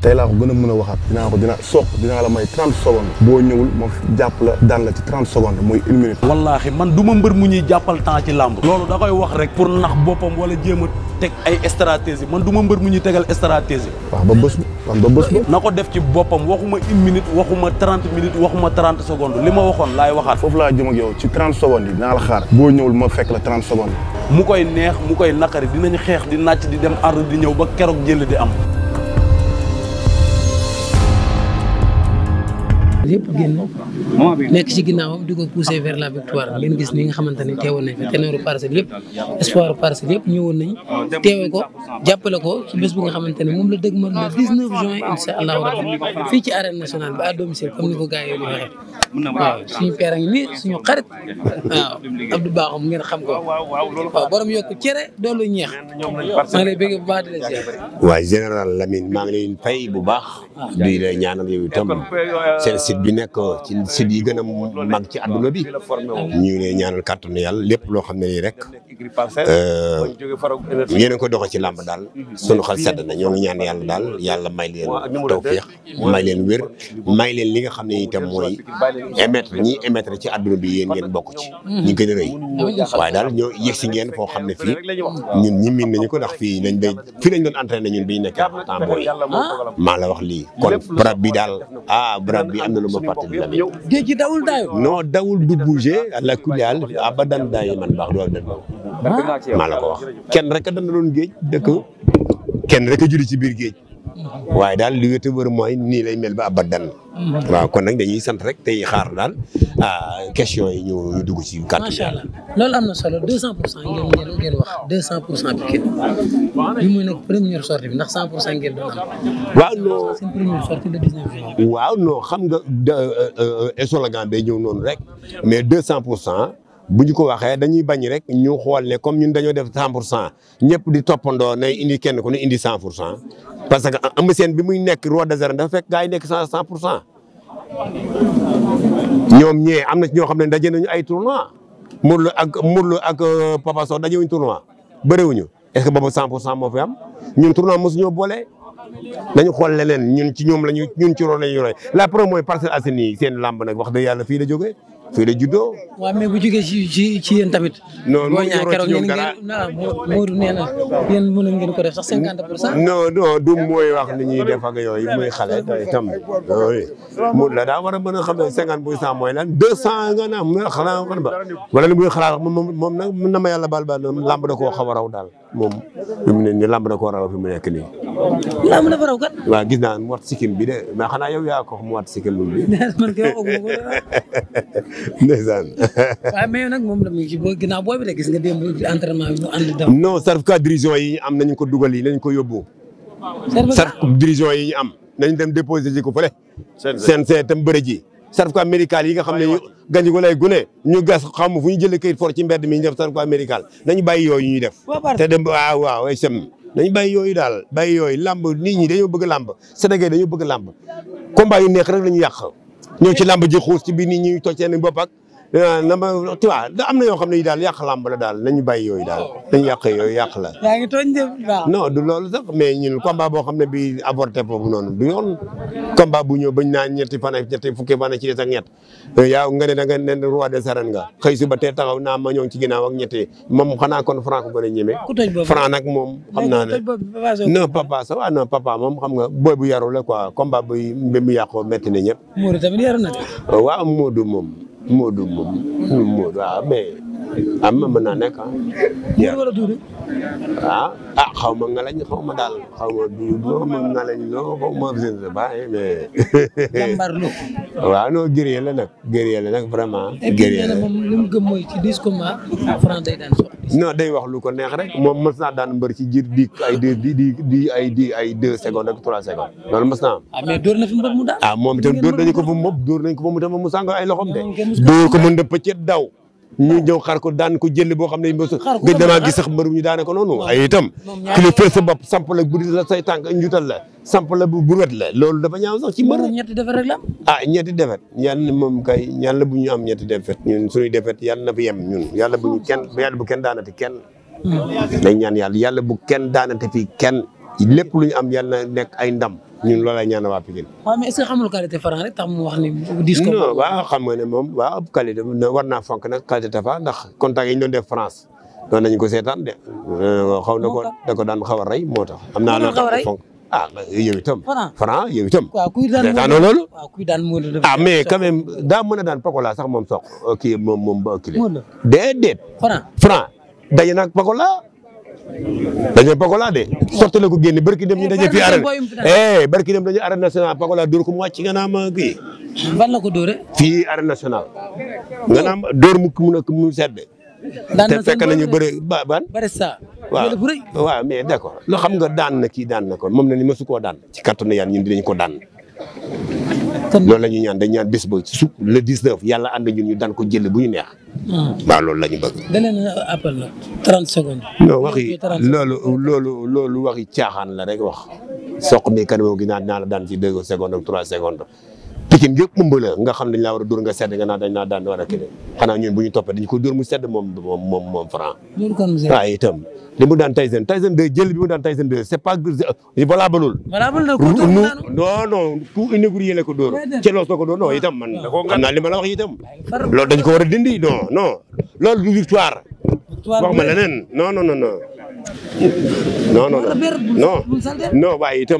tey laa ko gën a mën a waxaat dinaa ko dina soq dinaa la may 30 secondes boo ñëwul ma jàpp la la ci 30 secondes muy une minute wallaahi man du ma mbër mu ñuy jàppal ci làmb loolu da wax rek pour nax wala jéem teg ay stratégie man du ma mbër mu ñuy tegal stratégie waaw ba bés ba ba bés ba na ko def ci boppam waxuma une minute waxuma 30 minutes waxuma 30 secondes li ma waxoon laay waxaat foofu laa jëm ak yow ci 30 secondes yi dinaa la xaar boo ñëwul ma fekk la 30 secondes mu koy neex mu koy naqari ñu xeex di nàcc di dem ardu di ñëw ba keroog jël di am yëpp génn nekk ci ginnaawam di ko pousser vers la victoire ngeen gis ni nga xamante ne teewoon nañ fi ténéru parcelle yëpp espoir parcelle yëpp ñëwoon nañ teewe ko jàppale ko ci bés bu nga xamante moom la dëgmal le 19 juin incha allahu rabbi fii ci arène nationale bi à domicile ni ko gars yi di waxee waaw suñu père a ngi xarit waaw Abdou Ba mu xam ko waaw borom yokk cere doolu ñeex maa ngi bu baax di la ziar. waaw général Lamine fay bu baax. Ah, di la ñaanal yow itam euh, seen site bi nekk ci site yi gën a mag ci àdduna bi ñu ngi lay ñaanal kàttanu yàlla lépp loo xam ne nii rek. écurie Parcelles euh, yéen a ko doxal ci làmb daal mhm. sunu xel sedd na ñoo ngi ñaan yàlla daal yàlla may leen tawféex may leen wér may leen li nga xam ne itam mooy émettre ñi émettre ci àdduna bi yéen ngeen bokk ci ñu gën a waaye daal ñoo yëg ngeen foo xam ne fii ñun ñi miin nañu ko ndax fii lañ day fii lañ doon entraîné bi biñu nekk temps booyi maa la wax lii kon barab bi daal ah barab bi am na lu ma fàttali la géej gi dawul daayoo a dawul du bouger la kulli abadan man baax doo Ah. maa la ko wax kenn rek a dandaloon géej dëkk kenn rek a juri ci biir géej waaye daal li wér te wër mooy nii lay mel ba abadan waaw kon nag dañuy sant rek tey xaar daal ah, question yi ñu ñu dugg ci kàtt macha allah am na solo deux cent pour cent ngeen bi muy nekk première sortie bi ndax cent pour cent doon am waaw non xam nga slogan euh, euh, euh, ba ñëw noonu rek mais deux cent pour cent bu ñu ko waxee dañuy bañ rek ñu xool ne comme ñun dañoo def 100 pour cent ñëpp di toppandoo nay indi kenn ku ne indi 100 pour cent parce que Eumeu Sène bi muy nekk roi des arènes dafa fekk gars yi nekk 100 pour cent ñoom ñee am na ñoo xam ne daje nañu ay tournoi Modou Lô ak Modou Lô ak euh, Papa Sow dajewuñu tournoi bëriwuñu est-ce que boobu 100 pour cent moo fi am ñun tournoi mosuñoo boole dañu xool leneen ñun ci ñoom lañu ñu ci loolu lañu yore la preuve mooy Parcelles Assainies seen làmb nag wax dëgg yàlla fii la jógee. fii la juddoo. waaw bu jógee ci ci ci tamit. non non ñu dara Modou nee ngeen ko def sax cinquante mooy wax ni ñuy def ak yooyu muy xale tam yooyu Modou la daa war a mën a xam cinquante pour cent mooy lan deux cent nga naan muy xanaa ba. wala li muy xalaat moom moom nag mën na ma yàlla baal baal làmb da koo xa a raw daal moom fi mu ne nii làmb da koo raw fi mu nekk nii. làmb dafa gis naa mu wat sikkim bi de mais xanaa yow yaa ko mu ndeysaan. waaye mais nag moom la de gis nga démb entraînement bi mu yi ñu am nañu ko dugal yi nañu ko yóbbu. certificat dirigeant yi ñu am nañu dem déposé ji ko fële. seen seen tam bëre ji. certificat médical yi nga xam ne ñu gañu ko lay gune ñu gas xam fu ñu jëlee këyit for ci mbedd mi ñu def certificat médical nañu bàyyi yooyu ñuy def. te dem ah, waaw waaw ay sem dañu bàyyi yooyu daal bàyyi yooyu làmb nit ñi dañoo bëgg làmb Sénégal dañoo bëgg làmb rek la ñu yàq ñëw ci làmb ji xuus ci biir nit ñi toj seen bopp ak Euh, na ma tu vois am na yoo xam ne yi daal yàq làmb la daal nañu bàyyi yooyu daal oh. nañu yàq yooyu yàq la. yaa ngi tooñ de waaw. non du loolu sax mais ñun combat boo xam ne bii avorté foofu noonu du yoon. combat bu ñëw bañ naa ñetti fan ak ñetti fukki fan ci des ak ñett euh, yow nga ne da nga ne roi des nga xëy suba tee taxaw naa ma ñoo ngi ci ginnaaw ak ñetti moom xanaa kon Franc gën a ñeme. ku toj boobu nag moom. xam naa ne non papa sa waaw ah non papa moom xam nga booy bu yaru la quoi combat bi mu yàqoo métti na ñëpp. Modou tamit yaru Modou moom Modou am na mën naa nekk ah. ah ah xaw ma ngalañ xaw ma daal xaw ma du loo ma ngalañ loo xaw ma je ne eh, la nag guerrier la nag vraiment. guerrier la moom li day wax lu ko neex rek moom mës naa daan mbër ci jiir di ay deux di di di ay di ay deux secondes ak trois secondes loolu mës naa am. ah mais door na fi mbër mu daal. ah moom itam door nañu ko fa moom door ko fa mu tam mu sàng ay loxoom de. door ko mën na pëccet daw. ñu ñëw xar ko daan ko jël boo xam ne mos gëj damaa gis sax mbërum ñu daane ko noonu ay itam ki la fee sa bopp samp la buddi la say tànk njutal la samp la bu wet la loolu dafa ñaaw sax ci mbër ñetti defet rek la ah ñetti defet yal na moom kay yal na bu ñu am ñetti defet ñun suñuy defet yal na fi yem ñun yàlla bu ñu kenn yàlla bu kenn daanati kenn hmm. dañ ñaan yàlla yàlla bu kenn daanati fii kenn lépp lu am yàlla na nekk ay ndam ñun loolay ñaan waa Pikine. waaw mais est-ce ko non waaw xam nga ne moom waaw ab qualité fonk nag qualité Tapha ndax contact yi ñu France doon nañu ko seetaan de. Euh, xaw na ko da ko daan xaw a rey moo tax. am naa loo tax fonk a ah, yow itam. Franc yow itam. waaw kuy daan daanoo loolu. waaw kuy daan moo la ah mais quand même daa mën a daan Pakola sax moom soq euh, kii moom moom ba kii la. déedéet. Franc Franc nag Pakola. dañoo Pokola de sotti na ko génn barki dem ñu daje fii arène eh barki dem dañu eh, arène nationale Pokola dóor ko mu wàcc nga naan kii. ban la ko dóoree. fii arène nationale. nga naan dóor mu mun a mu sedd. te fekk nañu bëri ba ban. bëri saa waaw loo xam nga daan na kii daan na ko moom na ni masu su koo daan ci kattanu yàlla ñun dinañ ko daan. loolu la ñuy ñaan dañ ñaan bés ba su le 19 yàlla ànd ñun ñu daan ko jël bu ñu neex. Ah. waaw loolu la ñu bëgg. danañ appel la 30 secondes. non waxi loolu loolu loolu waxi caaxaan la rek wax soq mi kanam gi naan naa la daan ci 2 secondes ak 3 secondes. Pikine yëpp ëmb la nga xam dañ laa war a dóor nga sedd nga na dañ naa daan war a kii xanaa ñun bu ñu toppee dañ ko dóor mu sedd moom moom moom Franc. waaw itam li mu daan Tyson Tyson 2 jël bi mu daan Tyson 2 c'est pas euh, valable. valable na ko non non ku inauguré ko dóor. ci loos la ko dóor non ah. itam man. waaw ah. xam naa li ma la wax itam. loolu dañ ko war a dindi non non loolu du victoire. victoire wax ma leneen non non non non non non non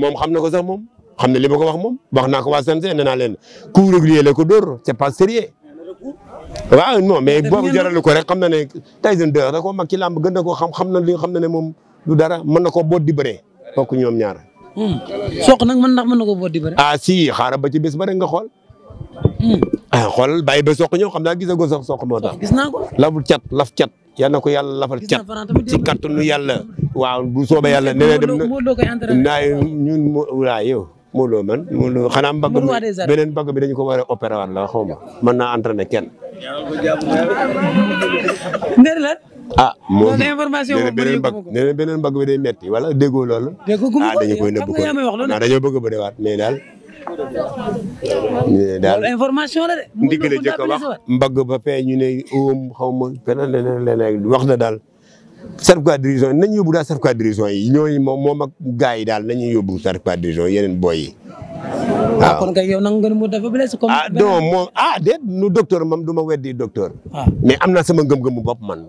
moom xam na ko sax moom. xam ne li ma ko wax moom wax naa ko waa CNG nee naa leen coup régulier la ko dóor c'est pas sérieux waaw non mais boobu jaralu ko rek xam na ne Tyson 2 da koo mag ci làmb gën na koo xam xam na li xam na ne moom du dara mën na koo boot di bëree bokk ñoom ñaar. Hmm. soq nag mën ndax mën na koo boot di bëree. ah si xaaral ba ci bés ba rek nga xool. Hmm. a ah, xool bàyyi ba soq ñëw xam naa gisagoo soq soq moo tax. gis naa ko laful cat laf cat. yal na ko yàlla lafal cat ci kattanu yàlla. waaw bu soobee yàlla nee na dem na. naa ñun mu waaw yow. Modou Lo man Modou Lo xanaa mbagg mi beneen mbagg bi dañu ko war a opéré waat la xaw ma mën naa entraîner kenn. ndër la. ah moom beneen mbagg nee na mbagg bi day metti wala déggoo loolu. ah dañu koy nëbb ko ah dañoo bëgg a mais daal. ñu ne daal information la de. ndigale jëkk a mbagg ba fee ñu ne oom xaw ma beneen leneen leneen wax na daal. certificat de dirigeant nañ yóbbu daal certificat de dirigeant yi ñooñu moom moom ak gars yi daal nañu yóbbu certificat de dirigeant yeneen boy yi ah, waaw kon kay yow nangu nga mu dafa blessé ah, ah, ma weddi docteur. mais am naa sama ngëm-ngëmu bopp man.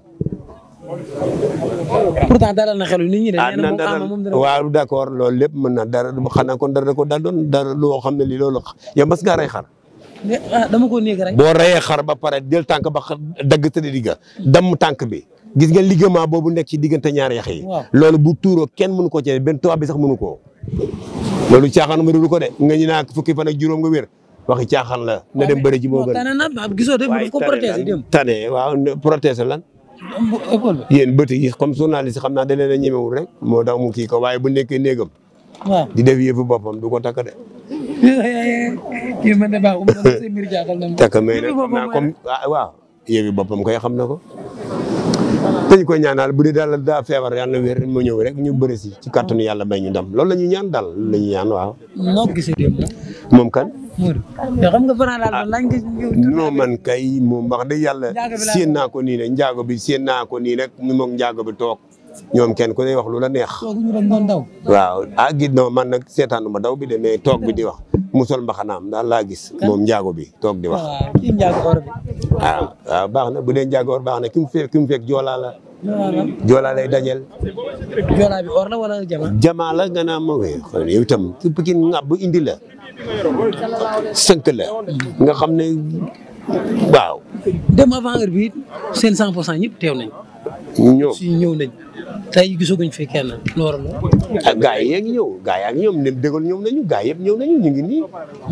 pourtant dalal na xelu nit ñi de. na moom dara d' accord loolu lépp mën na dara xanaa kon dara ko daal doon dara loo xam ne lii loolu yow mas ngaa rey xar. dama ko néeg boo reyee xar ba pare jël tànk ba dagg tëddi digga damm tànk bi. gis nga ligament boobu nekk ci diggante ñaari yax yi. loolu bu tuuroo kenn mënu ko cee benn tubaab bi sax mënu koo. loolu caaxaan ma dul ko de nga ñu naan fukki fan ak juróom nga wér waxi caaxaan la. na dem bëri ji moo gën tane na gisoo de ko protéger dem tane waaw protéger lan. yéen xam naa da leen a rek moo tax mu kii ko waaye bu nekkee néegam. di def yëfu boppam du ko takk de. kii man de baaxul man na ma. takk may boppam koy ah, xam na ko. te ko koy ñaanal bu dee daal daa feebar yàlla na wér mu ñëw rek ñu bëri si ci kàttanu yàlla may ñu ndam loolu la ñuy ñaan daal loolu la ñu ñaan waaw. moom kan. te man kay moom wax dëgg yàlla. séen naa ko nii rek njaago bi séen naa ko nii rek mu moog njaago bi toog. ñoom kenn ku ne wax lu la neex. waaw ah gis non man nag seetaanu ma daw bi de mais toog bi di wax. musol sol mbaxanaam daal laa gis moom njaago bi toog di wax waaw ah, ah, waaw baax na bu dee njaago or baax na ki mu fekk ki mu fekk joolaa la joolaa lay dajel joolaa bi nga naa moo xool yow ki pikin ngàbb indi la sënk nga xam ne waaw dem avant heure bi seen cent pour cent ñëpp teew nañ ñoom si ñëw nañ tey gisaguñ fi kenn loolu la. Ah, ak gaa yi yaa ngi ñëw gaa yaa ngi ñoom ñoom dégal ñëw nañu gaa yëpp ñëw nañu ñu ngi nii.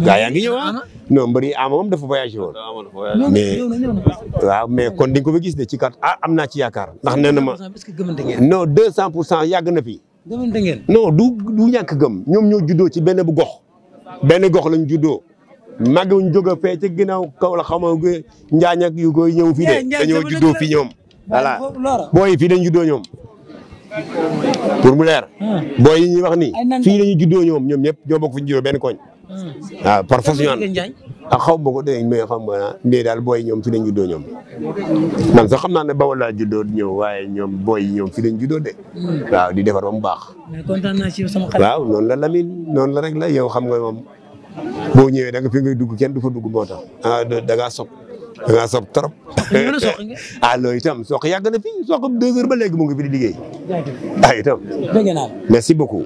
gaa yaa ngi ñëw ah non mbëri ama moom dafa voyagé woon. mais waaw mais kon di nga ko fa gis ne ci kat ah am naa ci yaakaar ndax nee na ma. non 200 pour cent yàgg na fi. gëmante ngeen. non du du ñàkk gëm ñoom ñoo juddoo ci benn bu gox. benn gox lañ juddoo. màgg wuñ jóg a fee ci ginnaaw kaw la xaw ma njaañ ak yu koy ñëw fii de eh, dañoo juddoo fi ñoom voilà booy yi fii dañu juddoo ñoom pour mu leer. Ah. booy yi ñuy wax nii. fii dañu juddoo ñoom ñoom ñëpp ñoo bokk fu juddoo benn koñ. waaw hmm. ah, par force ñu naan ah xaw ma ko dégg mais xam nga mais daal booy ñoom fi lañ juddoo ñoom man sax xam naa ne Bawol laa juddoo ñëw waaye ñoom booy ñoom fi lañ juddoo de. Hmm. waaw di defar ba mu baax. mais kontaan waaw noonu la Lamine noonu la rek la yow xam nga moom boo ñëwee da nga fi ngay dugg kenn du fa dugg moo tax. ah da da ngaa sopp trop. ah loolu sook soq yàgg na fi soq deux heures ba léegi mu ngi fi di liggéey. ah me merci beaucoup.